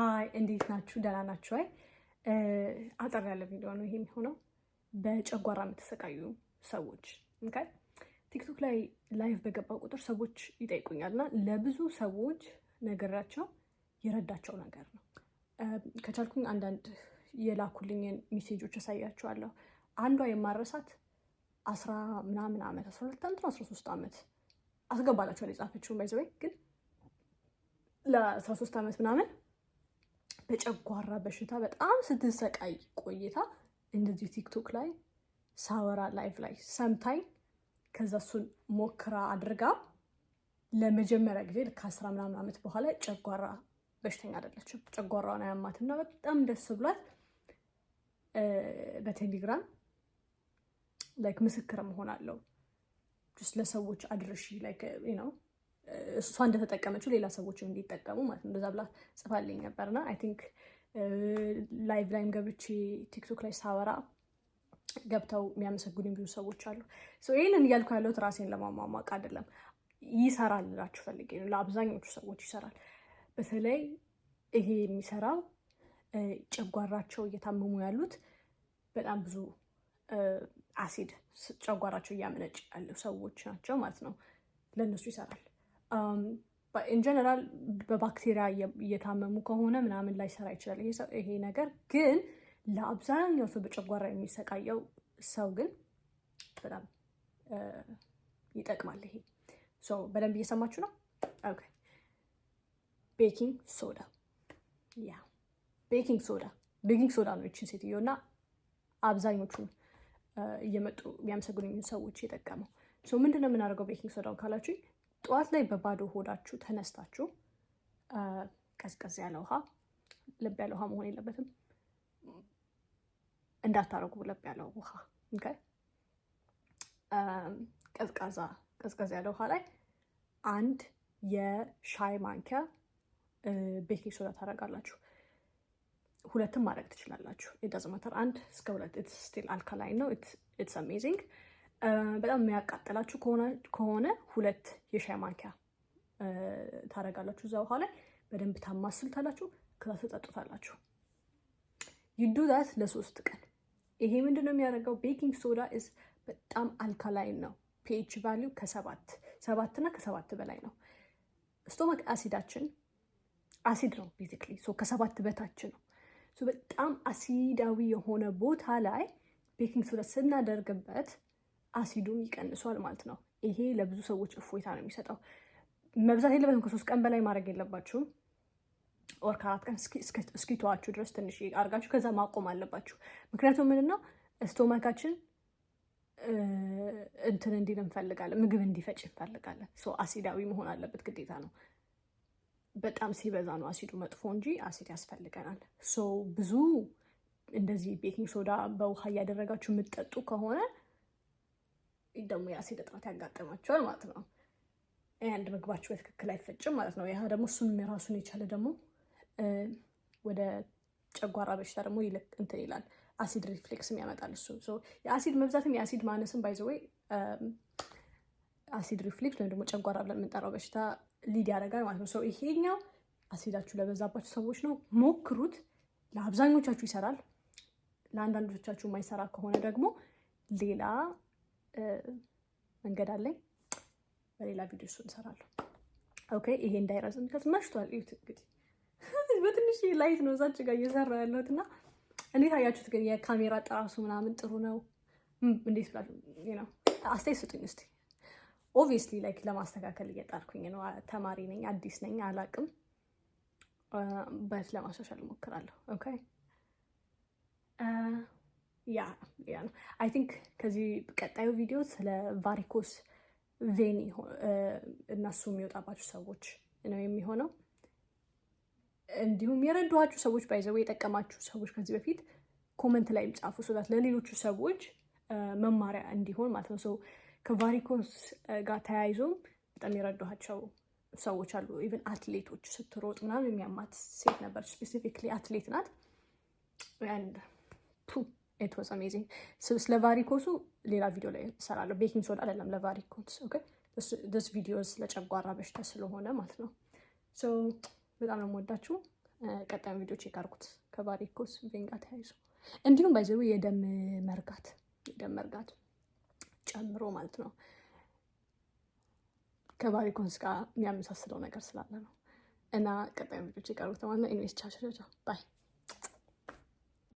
ሀይ እንዴት ናችሁ? ደህና ናችሁ? አይ አጠር ያለ ቪዲዮ ነው ይሄ የሚሆነው። በጨጓራ የምትሰቃዩ ሰዎች ቲክቶክ ላይ ላይቭ በገባ ቁጥር ሰዎች ይጠይቁኛል እና ለብዙ ሰዎች ነገራቸው የረዳቸው ነገር ነው። ከቻልኩኝ አንዳንድ የላኩልኝን ሜሴጆች ያሳያችኋለሁ። አንዷ የማረሳት አስራ ምናምን ዓመት አስራ ሁለት ዓመት አስራ ሶስት ዓመት አስገባላችኋል የጻፈችውን ባይዘወይ ግን ለአስራ ሶስት ዓመት ምናምን በጨጓራ በሽታ በጣም ስትሰቃይ ቆይታ እንደዚህ ቲክቶክ ላይ ሳወራ ላይቭ ላይ ሰምታኝ ከዛ እሱን ሞክራ አድርጋ ለመጀመሪያ ጊዜ ልክ አስራ ምናምን ዓመት በኋላ ጨጓራ በሽተኛ አይደለችም። ጨጓራዋን አያማትና በጣም ደስ ብሏት በቴሌግራም ላይክ ምስክር መሆን አለው ለሰዎች አድርሺ ነው እሷ እንደተጠቀመችው ሌላ ሰዎች እንዲጠቀሙ ማለት ነው። እንደዛ ብላ ጽፋልኝ ነበርና አይ ቲንክ ላይቭ ላይም ገብቼ ቲክቶክ ላይ ሳወራ ገብተው የሚያመሰግኑኝ ብዙ ሰዎች አሉ። ይህንን እያልኩ ያለሁት ራሴን ለማሟሟቅ አይደለም። ይሰራል እላችሁ ፈልጌ ነው። ለአብዛኞቹ ሰዎች ይሰራል። በተለይ ይሄ የሚሰራው ጨጓራቸው እየታመሙ ያሉት በጣም ብዙ አሲድ ጨጓራቸው እያመነጭ ያለው ሰዎች ናቸው ማለት ነው። ለእነሱ ይሰራል። ኢን ጀነራል በባክቴሪያ እየታመሙ ከሆነ ምናምን ላይሰራ ይችላል ይሄ ነገር። ግን ለአብዛኛው ሰው በጨጓራ የሚሰቃየው ሰው ግን በጣም ይጠቅማል። ይሄ በደንብ እየሰማችሁ ነው። ኦኬ ቤኪንግ ሶዳ ያ ቤኪንግ ሶዳ ቤኪንግ ሶዳ ነው ይችን ሴትዮ እና አብዛኞቹን እየመጡ የሚያመሰግኑኝን ሰዎች የጠቀመው። ምንድን የምናደርገው ቤኪንግ ሶዳውን ካላችሁኝ ጠዋት ላይ በባዶ ሆዳችሁ ተነስታችሁ ቀዝቀዝ ያለ ውሃ፣ ልብ ያለ ውሃ መሆን የለበትም እንዳታረጉ። ልብ ያለው ውሃ ቀዝቃዛ ቀዝቀዝ ያለ ውሃ ላይ አንድ የሻይ ማንኪያ ቤኪንግ ሶዳ ታደርጋላችሁ። ሁለትም ማድረግ ትችላላችሁ። ኢት ዳዝ ማተር አንድ እስከ ሁለት። ኢትስ ስቲል አልካላይን ነው። ኢትስ አሜዚንግ በጣም የሚያቃጥላችሁ ከሆነ ሁለት የሻይ ማንኪያ ታደርጋላችሁ እዛ ውሃ ላይ በደንብ ታማስሉታላችሁ። ከዛ ተጠጡታላችሁ። ዩዱ ዛት ለሶስት ቀን። ይሄ ምንድን ነው የሚያደርገው? ቤኪንግ ሶዳ ኢዝ በጣም አልካላይን ነው። ፒኤች ቫሊው ከሰባት ሰባት እና ከሰባት በላይ ነው። ስቶማክ አሲዳችን አሲድ ነው ቤዚክሊ ከሰባት በታች ነው። በጣም አሲዳዊ የሆነ ቦታ ላይ ቤኪንግ ሶዳ ስናደርግበት አሲዱም ይቀንሷል ማለት ነው። ይሄ ለብዙ ሰዎች እፎይታ ነው የሚሰጠው። መብዛት የለበትም። ከሶስት ቀን በላይ ማድረግ የለባችሁም። ወር ከአራት ቀን እስኪተዋችሁ ድረስ ትንሽ አርጋችሁ ከዛ ማቆም አለባችሁ። ምክንያቱም ምንድነው እስቶማካችን ስቶማካችን እንትን እንዲል እንፈልጋለን፣ ምግብ እንዲፈጭ እንፈልጋለን። አሲዳዊ መሆን አለበት ግዴታ ነው። በጣም ሲበዛ ነው አሲዱ መጥፎ እንጂ አሲድ ያስፈልገናል። ብዙ እንደዚህ ቤኪንግ ሶዳ በውሃ እያደረጋችሁ የምትጠጡ ከሆነ ደግሞ የአሲድ እጥረት ያጋጠማቸዋል ማለት ነው። አንድ ምግባቸው በትክክል አይፈጭም ማለት ነው። ያ ደግሞ እሱም የራሱን የቻለ ደግሞ ወደ ጨጓራ በሽታ ደግሞ ይልቅ እንትን ይላል። አሲድ ሪፍሌክስም ያመጣል እሱ። የአሲድ መብዛትም የአሲድ ማነስም ባይዘወይ አሲድ ሪፍሌክስ ወይም ደግሞ ጨጓራ ብለን የምንጠራው በሽታ ሊድ ያደርጋል ማለት ነው። ሰው ይሄኛው አሲዳችሁ ለበዛባችሁ ሰዎች ነው፣ ሞክሩት። ለአብዛኞቻችሁ ይሰራል። ለአንዳንዶቻችሁ የማይሰራ ከሆነ ደግሞ ሌላ መንገድ አለኝ። በሌላ ቪዲዮ እሱ እንሰራለሁ። ኦኬ ይሄ እንዳይረዝም ከዚ መሽቷል። ዩት እንግዲህ በትንሽ ላይት ነው እዛች ጋር እየሰራ ያለሁት እና እንዴት አያችሁት? ግን የካሜራ ጥራሱ ምናምን ጥሩ ነው እንዴት ብላችሁ ነው አስተያየት ስጡኝ እስኪ። ኦብቪየስሊ ላይክ ለማስተካከል እየጣርኩኝ ነው። ተማሪ ነኝ፣ አዲስ ነኝ፣ አላቅም በት ለማሻሻል እሞክራለሁ። ኦኬ ያ ያ ነው አይ ቲንክ ከዚህ ቀጣዩ ቪዲዮ ስለ ቫሪኮስ ቬኒ እነሱ የሚወጣባቸው ሰዎች ነው የሚሆነው። እንዲሁም የረዷችሁ ሰዎች ባይዘው የጠቀማችሁ ሰዎች ከዚህ በፊት ኮመንት ላይ ጻፉ፣ ስላት ለሌሎቹ ሰዎች መማሪያ እንዲሆን ማለት ነው። ሰው ከቫሪኮስ ጋር ተያይዞም በጣም የረዷቸው ሰዎች አሉ። ኢቨን አትሌቶች ስትሮጥ ምናምን የሚያማት ሴት ነበር፣ ስፔሲፊክሊ አትሌት ናት። ኢት ዋዝ አሜዚንግ። ስለ ቫሪኮሱ ሌላ ቪዲዮ ላይ እሰራለሁ። ቤኪንግ ሶዳ አይደለም ለቫሪኮስ ኦኬ። ቪዲዮ ለጨጓራ በሽታ ስለሆነ ማለት ነው። በጣም ነው የምወዳችሁ። ቀጣዩን ቪዲዮ ቼክ አድርጉት ከቫሪኮስ ቬን ጋር ተያይዞ እንዲሁም ባይዘው የደም መርጋት የደም መርጋት ጨምሮ ማለት ነው። ከቫሪኮስ ጋር የሚያመሳስለው ነገር ስላለ ነው እና ቀጣዩን ቪዲዮ ቼክ አድርጉት ማለት ነው። ኢንዌስቻ ባይ